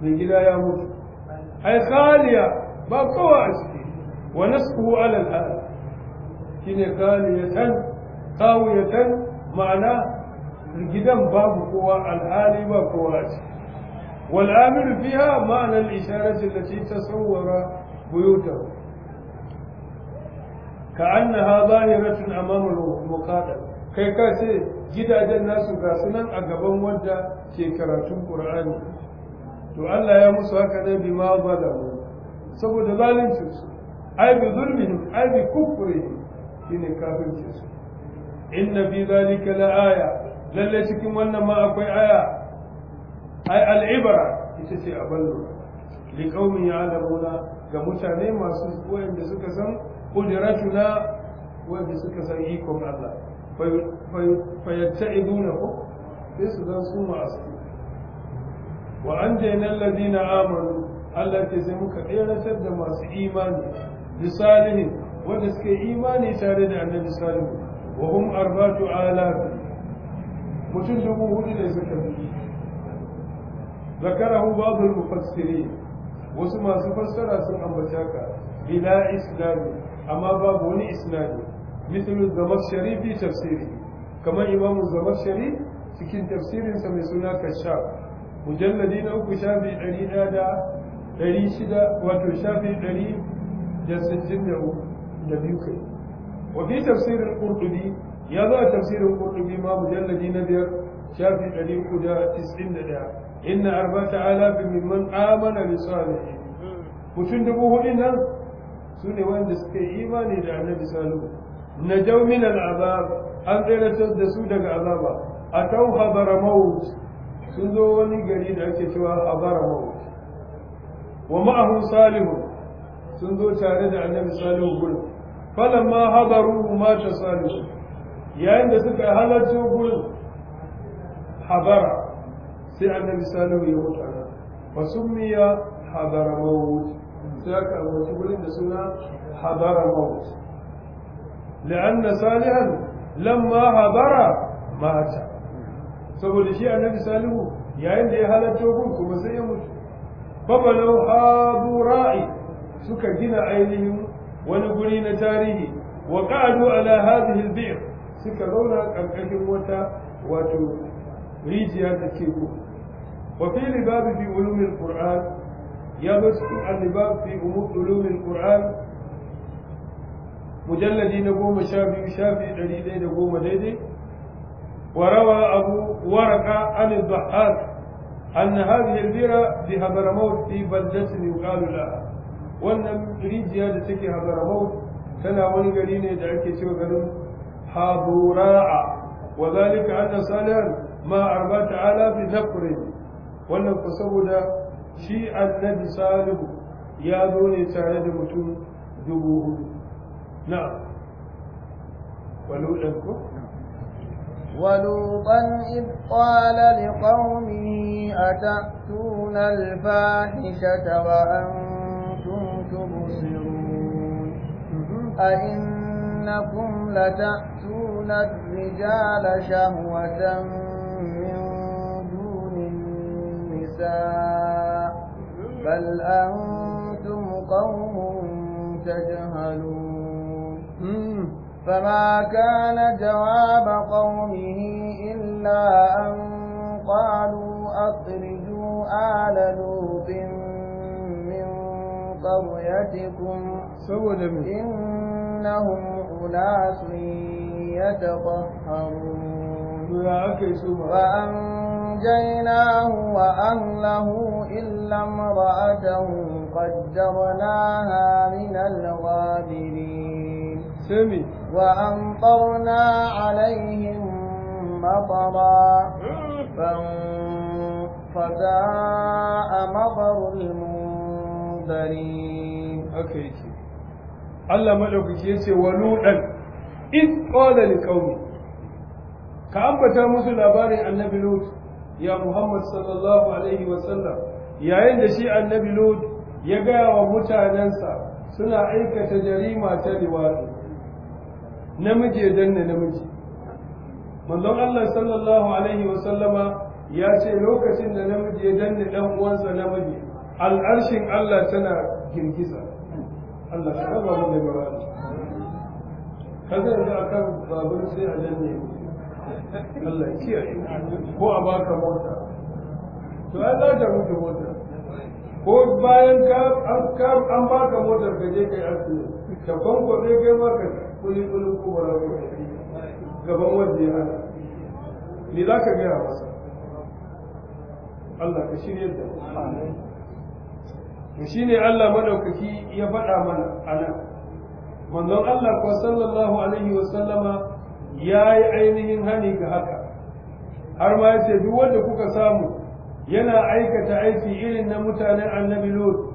mai gida ya mutu ai khaliya ba kowa a ciki wa nasquhu ala al shine kaliyatan kawiyatan ma'ana gidan babu kowa alhali ba kowa ce wal amir fiha ma'ana al-isharati allati tasawwara buyutahu كأنها ظاهرة أمام المقابل kai ka ce gidajen nasu ga sunan a gaban wanda ke karatun ƙur'ani to Allah ya musu haka ne bi ma zalamu saboda zalincin su ai bi zulmihim ai bi kufrihim shine kafircin su inna fi zalika la aya lalle cikin wannan ma akwai aya ai al'ibra ita ce a ballo li qaumi ya'lamuna ga mutane masu da suka san qudratuna wanda suka san ikon Allah Fa fayattaiduna ko sai su zan su masu wa an jaina alladhina amanu Allah ce sai muka tseratar da masu imani bisalihin wanda suka yi imani tare da annabi salihu wa hum arbatu alaf mutum dubu hudu da suka bi zakarahu babu mufassiri wasu masu fassara sun ambata ka bila islami amma babu wani islami مثل sharifi tafsiri kamar imamu إمام الزمخشري cikin tafsirinsa mai suna kasha mujalladi na uku shafi ɗari ɗaya da ɗari shida wato shafi ɗari da sittin da uku da biyu kai wa fi tafsirin qurtubi ya zo tafsirin qurtubi ma mujalladi na biyar shafi ɗari uku da tisin da ɗaya inna arba'ata alafin mimman amana bi salihin mutum dubu hudu nan su ne wanda suka yi imani da annabi salihu na jaumin al'azab an tseratar da su daga azaba a tau habara maut sun zo wani gari da ake cewa habara maut wa ma'ahu salihu sun zo tare da annabi salihu gudu falamma hadaru ma tasalu yayin da suka halarci gurin habara sai annabi salihu ya wuce fa summiya habara mawut sai aka wuce gurin da suna habara mawut la'anna salihan lamma habara mata saboda shi annabi salihu yayin da ya halarci gurin kuma sai ya mutu babalau hadura'i suka gina ainihin wani guri na tarihi wa qa'adu ala hadhihi al-bi'r suka zauna karkashin wata wato rijiya ta teku wa fi libab fi ulum al-qur'an ya zo cikin al-libab fi ulum al-qur'an mujalladi na goma sha biyu shafi ɗari ɗaya da goma daidai وروى أبو ورقة عن الضحاك أن هذه البيرة بهبرموت في بلدة يقال لها wannan rijiya da take hazaramau tana wani gari ne da ake cewa ganin habura'a wa zalika anna salihan ma arba'ata alafi nafrin wannan ku saboda shi annabi salihu ya zo ne tare da mutum dubu hudu na waludan ko ولوطا إذ قال لقومه أتأتون الفاحشة وأنتم تبصرون أئنكم لتأتون الرجال شهوة من دون النساء بل أنتم قوم تجهلون فما كان جواب قومه إلا أن قالوا أخرجوا آل لوط قريتكم إنهم أناس يتطهرون فأنجيناه وأهله إلا امرأته قدرناها من الغابرين سمي وأمطرنا عليهم مطرا فساء مطر المنذرين المرسلين أكيد الله ملوك يسي ولودا إذ قال لقومه كأنبتا مسل أباري النبي لوط يا محمد صلى الله عليه وسلم يا عند شيء النبي لوط يقع ومتعننسا suna aikata jarima ta liwaɗi namiji ya danna namiji manzon Allah sallallahu alaihi sallama, ya ce lokacin da namiji ya danna ɗan uwansa namiji al'arshin Allah tana girgiza Allah shi raba mu da mawali kaga yanzu kan babur sai a ne Allah ya kiyaye ko a baka mota to ai za ta rufe mota ko bayan ka an baka motar ka je kai asiri ka banko ne kai maka kuli kuli ko bara ko gaban wanda ya hana me za ka gaya masa Allah ka shirye da mu shi ne Allah madaukaki ya faɗa mana a nan manzon Allah ko sallallahu alaihi wa sallama ya yi ainihin hani ga haka har ma yace duk wanda kuka samu yana aikata aiki irin na mutanen annabi lut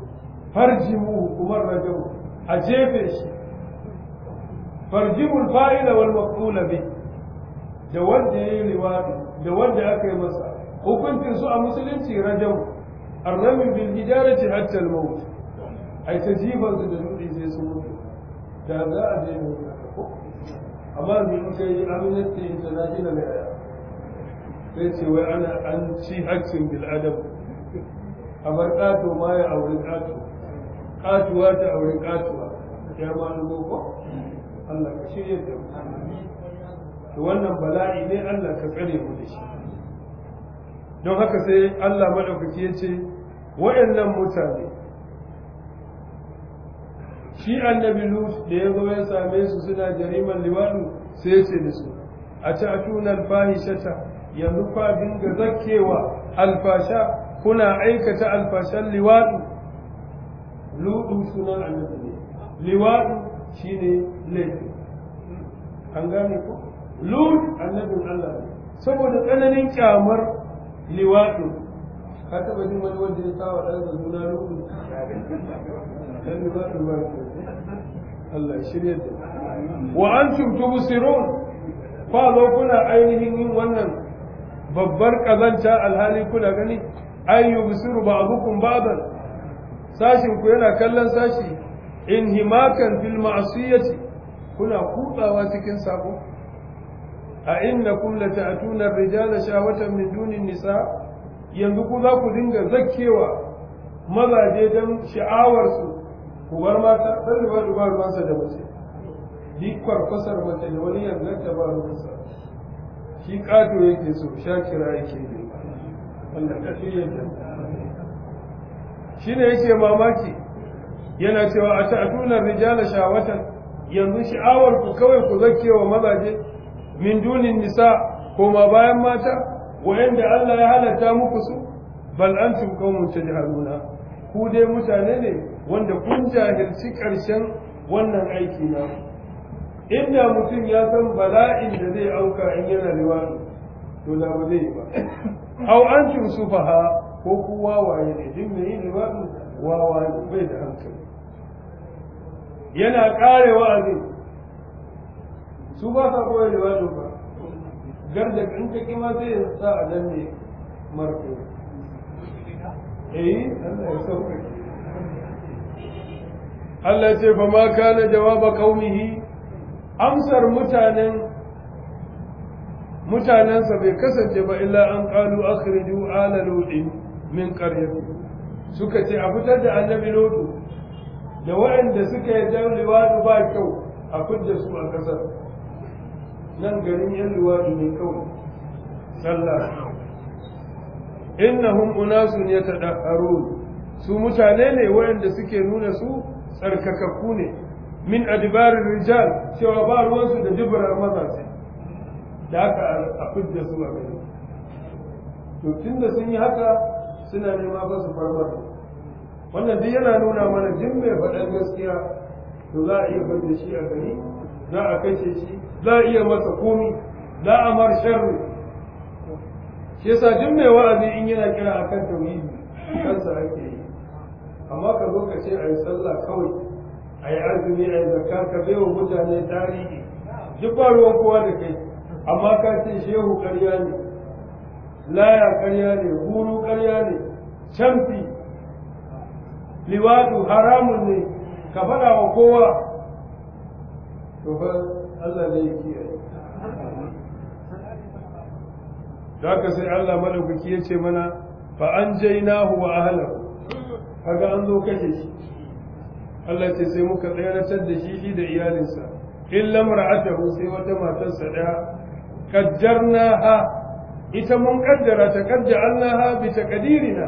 farjimuhu kuma rajau a jefe shi farjimul fa'ila wal maf'ula bi da wanda yayi liwadi da wanda aka yi masa hukuncin su a musulunci rajau arramin bil hijarati hatta al maut ai ta jifan su da nudi sai su mutu da za a je mu amma kai me muka na amnesty international ne sai ce wai ana an ci haƙƙin bil adam a bar ƙato ma ya auri Kato. Katuwa ta auri ƙatuwa ya ma an ko Allah ka shirya da to wannan bala'i ne Allah ka tsare mu da shi don haka sai Allah maɗaukaki ya ce waɗannan mutane shi annabi lut da ya zo ya same su suna jarimar liwanu sai ce da su a ci a tunan fahishata yanzu kwa dinga zakkewa alfasha kuna aikata alfashan liwanu lutu sunan annabi ne liwanu shi ne laifi an gane ku? lut annabin allah ne saboda tsananin kyamar liwanu ka taba jin wani wanda ya sawa ɗan da nuna nuku dan da zai ke, Allah shirya da wa antum tubsirun ba zo ainihin yin wannan babbar ƙazanta alhali kuna gani ay ba ba'dukum ba'dan sashin ku yana kallon sashi In himakan fil ma'siyati kuna kutsawa cikin sako a innakum lata'tuna ar-rijala sha min duni nisa yanzu ku za ku dinga zakkewa mazaje don sha'awarsu ku bar mata don da bari bar masa da mace duk kwarkwasar mace da wani yanzu ta ba kusa shi ƙato yake so shakira yake ne Allah ka shirya ta shi ne yake mamaki yana cewa a ta'atunar rijala shawatan yanzu sha'awar ku kawai ku zakewa mazaje min dunin nisa ko ma bayan mata wa'anda Allah ya halatta muku su bal antum qaumun tajhaluna ku dai mutane ne wanda kun jahilci karshen wannan aiki na inda mutum ya san bala'in da zai auka in yana liwani to da ba zai ba aw antum sufaha ko ku wawaye ne din mai liwani wawaye bai da hankali yana kare wa'azi su ba sa koyar liwani ba garda in ka kima zai yi sa a nan ne marko eh Allah ya sauka Allah ce fa ma kana jawaba qaumihi amsar mutanen mutanensa bai kasance ba illa an qalu akhriju ala ludin min qaryati suka ce a fitar da annabi lodu da waɗanda suka yi jawliwa ba kyau a fitar su a kasar nan garin yan luwaɗi ne kawai sallah innahum unasun yatadaharu su mutane ne wayanda suke nuna su tsarkakakku ne min adbarir rijal cewa ba ruwansu da dubura maza da aka a fidda su a gari to tunda sun yi haka suna nema ba su farmar wannan duk yana nuna mana jimmai mai faɗan gaskiya to za a iya fadda shi a gani, za a kashe shi za a iya masa komi za a sharri shi yasa duk mai wa'azi in yana kira akan tauhidi kansa ake yi amma ka zo ka ce a yi sallah kawai a yi azumi a yi zakka ka bai wa mutane tarihi duk ba ruwan kowa da kai amma ka ce shehu karya ne laya karya ne huru karya ne camfi liwadu haramun ne ka faɗa wa kowa to fa Allah ne ya kiyaye haka sai Allah madaukaki ya ce mana fa an jainahu wa ahlahu kaga an zo kashe shi Allah ce sai muka tsayaratar da shi da iyalinsa illa mar'atahu sai wata matarsa daya ha! ita mun kaddara ta kadda Allah bi taqdirina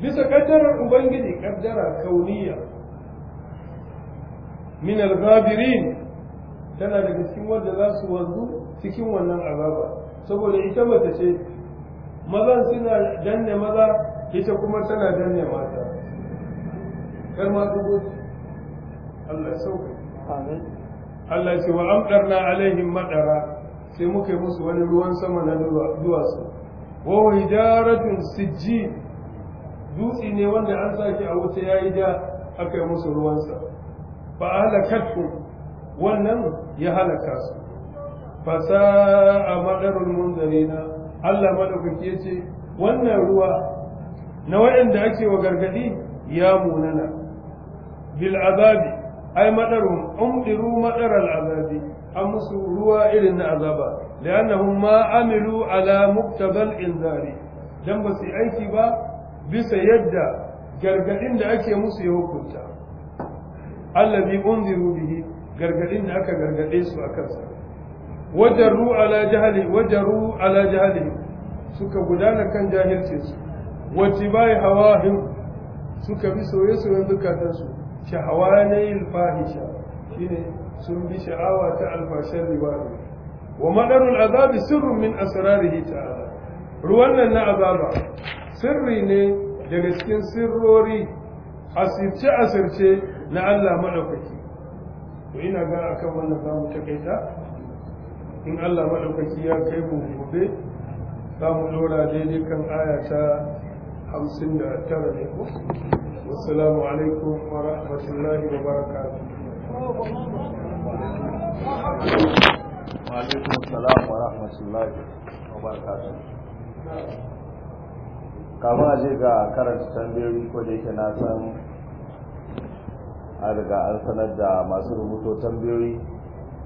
bisa kaddarar ubangiji kaddara kauniya min al tana daga cikin wanda za su wanzu cikin wannan azaba saboda ita mace ce mazan suna danne maza ita kuma tana danne mata kar ma dubo Allah sauka Allah ce wa amdarna alaihim madara sai muka yi musu wani ruwan sama na duwatsu wa wa hijaratun sijji dutsi ne wanda an sake a wuta yayi da aka yi musu ruwansa fa ahlakatkum wannan ya halaka su fasa a maɗarin munzarina Allah maɗaukaki ya ce wannan ruwa na waɗanda ake wa gargaɗi ya munana bil azabi ai maɗarun umɗiru maɗarar azabi an musu ruwa irin na azaba li'annahum ma amilu ala muktabal inzari dan ba su aiki ba bisa yadda gargadin da ake musu ya hukunta bi unziru bihi gargadin da aka gargade su a kansa wajaru ala jahali wajaru ala jahali suka gudana kan jahilcin su wati bai hawahim suka bi soye soyen zukatan su shahawanil fahisha shine sun bi sha'awa ta alfashar riwayi wa madarul azabi sirrun min asrarihi ta'ala ruwan nan na azaba sirri ne daga cikin sirrori asirce asirce na Allah madaukaki to ina ga akan wannan za mu takaita in Allah maɗaukaki ya kai mu gobe za mu ɗora daidai kan aya ta hamsin da tara ne ku wasu alaikum wa rahmatullahi wa barakatuh wa alaikum assalam wa rahmatullahi wa barakatuh kama je ga karanta tambayoyi ko da yake na san an riga an sanar da masu rubuto tambayoyi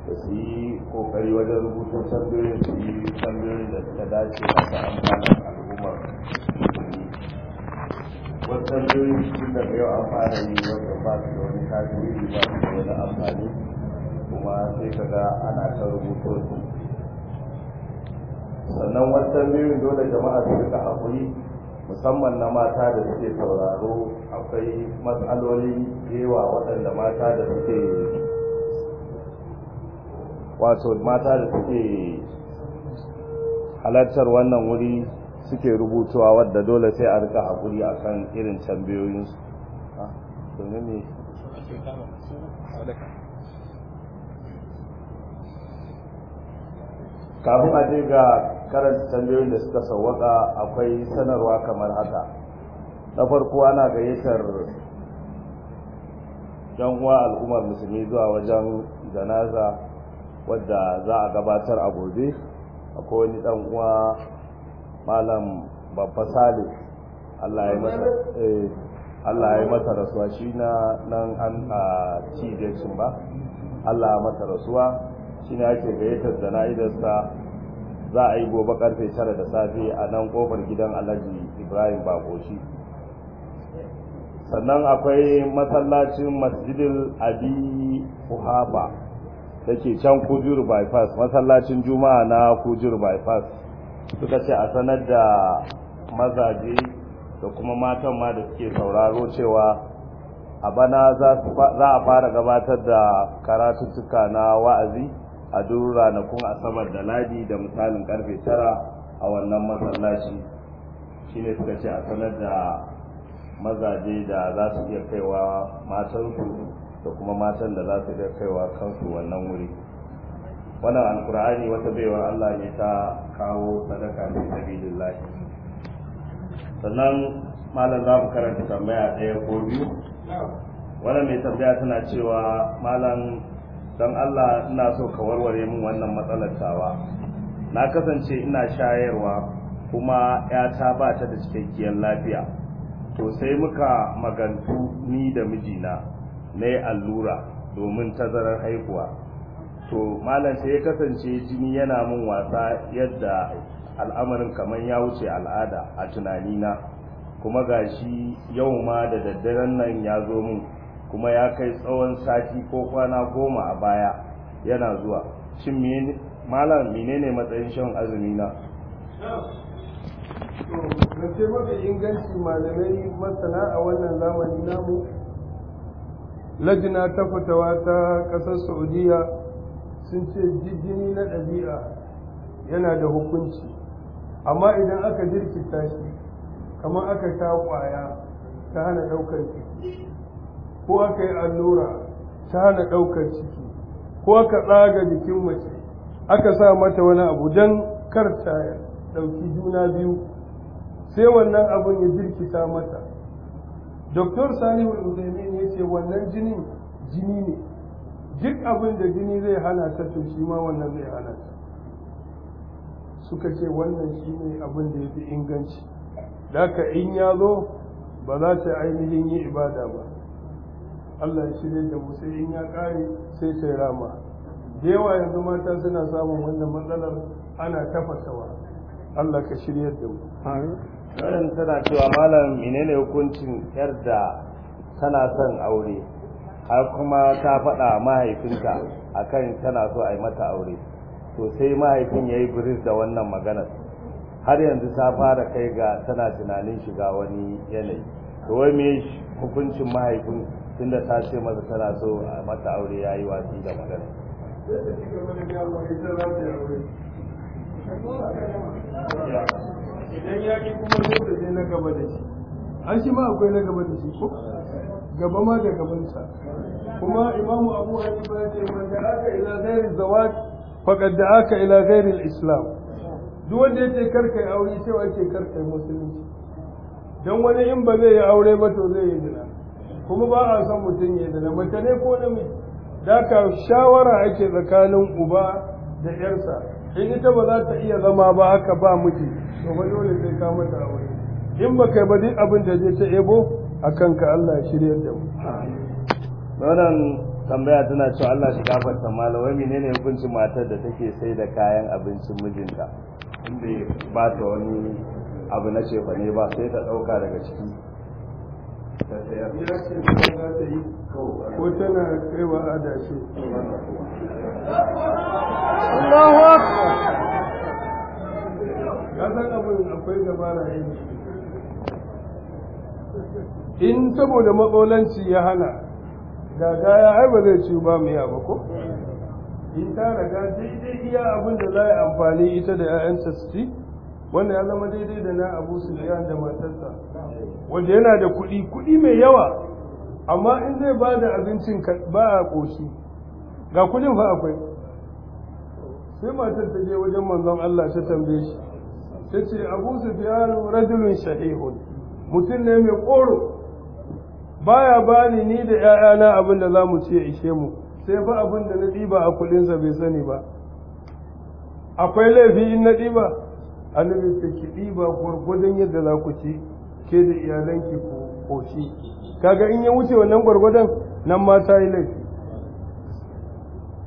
da su yi kokari wajen rubuto tambayoyi su yi tambayoyi da suka dace a ta amfanin al'ummar wasu tambayoyi sun da yau an fara yi wanda ba su da wani tasiri ba su da wani amfani kuma sai ka ga ana kan rubuto su sannan wasu tambayoyin dole jama'a su rika haƙuri musamman na mata da suke sauraro akwai matsaloli yawa waɗanda mata da suke wato mata da suke halartar wannan wuri suke rubutuwa wadda dole sai a rika haƙuri a kan irin tambayoyinsu kafin a je ga karanta tambayoyin da suka sauwaka akwai sanarwa kamar haka na farko ana gayyatar yan uwa al'ummar musulmi zuwa wajen janaza wadda za a gabatar a gobe akwai wani dan uwa malam babba sale Allah ya mata eh, rasuwa shi na nan an a cibiyar ba Allah ya mata rasuwa shi ne ake gayyatar jana'idarsa za a yi gobe karfe tara da safe a nan kofar gidan alhaji ibrahim bakoshi sannan akwai masallacin masjidil abi kuhaba da ke can kujur bypass masallacin juma'a na kujur bypass suka ce a sanar da mazaje da kuma matan ma da suke sauraro cewa a bana za a fara gabatar da karatuttuka na wa'azi a duk ranakun asabar da ladi da misalin karfe tara a wannan masallaci shine suka ce a sanar da mazaje da za su iya kaiwa matansu da kuma matan da za su iya kaiwa kansu wannan wuri wannan alkur'ani wata baiwa Allah ne ta kawo sadaka ne sabilillah sannan malam za mu karanta tambaya ɗaya ko biyu wannan mai tambaya tana cewa malam don Allah ina so ka warware min wannan matsalar tawa na kasance ina shayarwa kuma yata ba ta da cikakkiyar lafiya to sai muka magantu ni da mijina na yi allura domin tazarar haihuwa to malam sai ya kasance jini yana min wasa yadda al'amarin kamar ya wuce al'ada a tunanina kuma gashi yau ma da daddaren nan ya zo min kuma ya kai tsawon sati ko kwana goma a baya yana zuwa shin malam menene matsayin shan azumi na ce mafi inganci malamai masana a wannan zamani namu lajina ta fitawa ta ƙasar saudiya sun ce jijini na ɗabi'a yana da hukunci amma idan aka jirkita shi kamar aka sha kwaya ta hana ɗaukar ko aka yi allura ta hana ɗaukar ciki ko aka tsaga jikin mace aka sa mata wani abu don kar ta ɗauki juna biyu sai wannan abin ya jirkita mata doktor salihu ne ya ce wannan jinin jini ne duk abin da jini zai hana ta to shi ma wannan zai hana ta suka ce wannan shi ne abin da ya fi inganci da in ya zo ba za ta ainihin yi ibada ba Allah ya shirya da mu sai in ya kare sai sai rama da yawa yanzu mata suna samun wannan matsalar ana tafasawa Allah ka shirya da mu wannan tana cewa malam menene hukuncin yar da tana son aure har kuma ta faɗa mahaifinta akan tana so a yi mata aure to sai mahaifin ya yi biris da wannan maganar har yanzu ta fara kai ga tana tunanin shiga wani yanayi to wai me hukuncin mahaifin tunda ta ce masa tana so a mata aure ya yi wasi da magana idan ya ki kuma zo da na gaba da shi an shi ma akwai na gaba da shi ko gaba ma da ta. kuma imamu abu hanifa ba ce man aka ila Zawad, zawaj da aka ila zairin islam duk wanda ce karkai aure cewa yake karkai musulunci Don wani in ba zai yi aure ba to zai yi zina kuma ba a son mutum ya da mace ne ko namiji da ka shawara ake tsakanin uba da yarsa in ita ba za ta iya zama ba aka ba miji to ba dole sai ka mata aure in ba kai ba duk abin da zai ta ebo a kanka Allah ya shirya da mu wannan tambaya tana cewa Allah shi gafarta malamai menene hukuncin matar da take sai da kayan abincin mijinta inda ba ta wani abu na cefa ne ba sai ta ɗauka daga ciki ko tana kaiwa adashi Allahu akbar san abin akwai dabara yin in saboda matsalanci ya hana da gaya ai ba zai ci ba mu ya ba ko in ta raga daidai iya abin da za a yi amfani ita da 'ya'yanta su ci wanda ya zama daidai da na abu su da matarsa wanda yana da kuɗi kuɗi mai yawa amma in zai ba da abincin ba a ƙoshi ga kuɗin fa akwai sai matar ta je wajen manzon Allah ta tambaye shi ta ce abu yaro rajulun shahihun mutum ne mai ƙoro baya bani ni da 'ya'yana abin da za mu ce ishe mu sai fa abin da na ɗiba a kuɗinsa bai sani ba akwai laifi in na ɗiba annabi ta ki ɗiba gwargwadon yadda za ku ci ke da iyalanki ku koshi kaga in ya wuce wannan gwargwadon nan ma ta yi laifi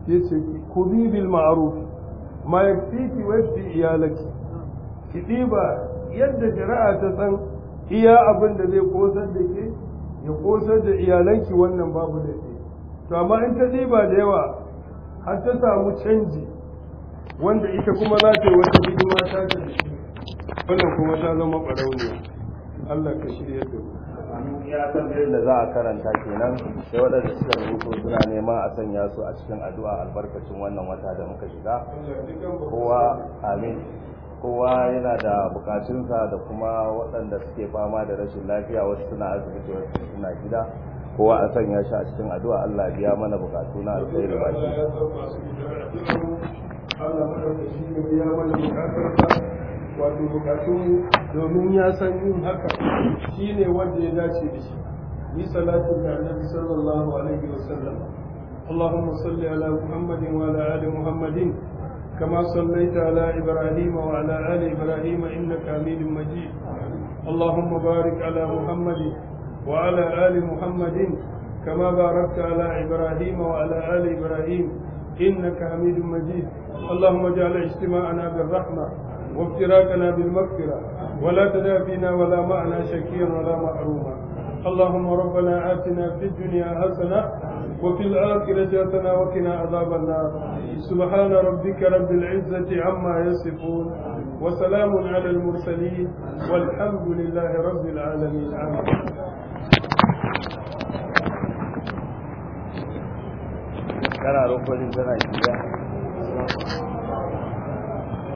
yace ku bi bil ma'ruf ma fi wa yakfi iyalaki ki diba yadda shari'a ta san iya abin da zai kosar da ke ya kosar da iyalanki wannan babu da ke to amma in ta diba da yawa har ta samu canji wanda ita kuma za ta yi wata hidima ta da shi wannan kuma ta zama ɓarauniya Allah ka shirya da mu ya tambayar da za a karanta kenan sai waɗanda suka rubuto suna nema a sanya su a cikin addu'a albarkacin wannan wata da muka shiga kowa amin kowa yana da bukatunsa da kuma waɗanda suke fama da rashin lafiya wasu suna asibiti wasu suna gida kowa a sanya shi a cikin addu'a Allah biya mana bukatu na alkhairi ba shi Allah mana biya mana bukatunsa wato bukatun domin ya san yin haka shine wanda ya dace da shi ni salatu ga annabi sallallahu alaihi wasallam اللهم صل على محمد وعلى آل محمد كما صليت على إبراهيم وعلى آل إبراهيم إنك حميد مجيد اللهم بارك على محمد وعلى آل محمد كما باركت على إبراهيم وعلى آل إبراهيم إنك حميد مجيد اللهم اجعل اجتماعنا بالرحمة وافتراقنا بالمغفرة ولا تدع فينا ولا معنا شكيا ولا محروما اللهم ربنا آتنا في الدنيا حسنة وفي الآخرة حسنة وقنا عذاب النار سبحان ربك رب العزة عما يصفون وسلام على المرسلين والحمد لله رب العالمين آمين kana rukunin tana shiga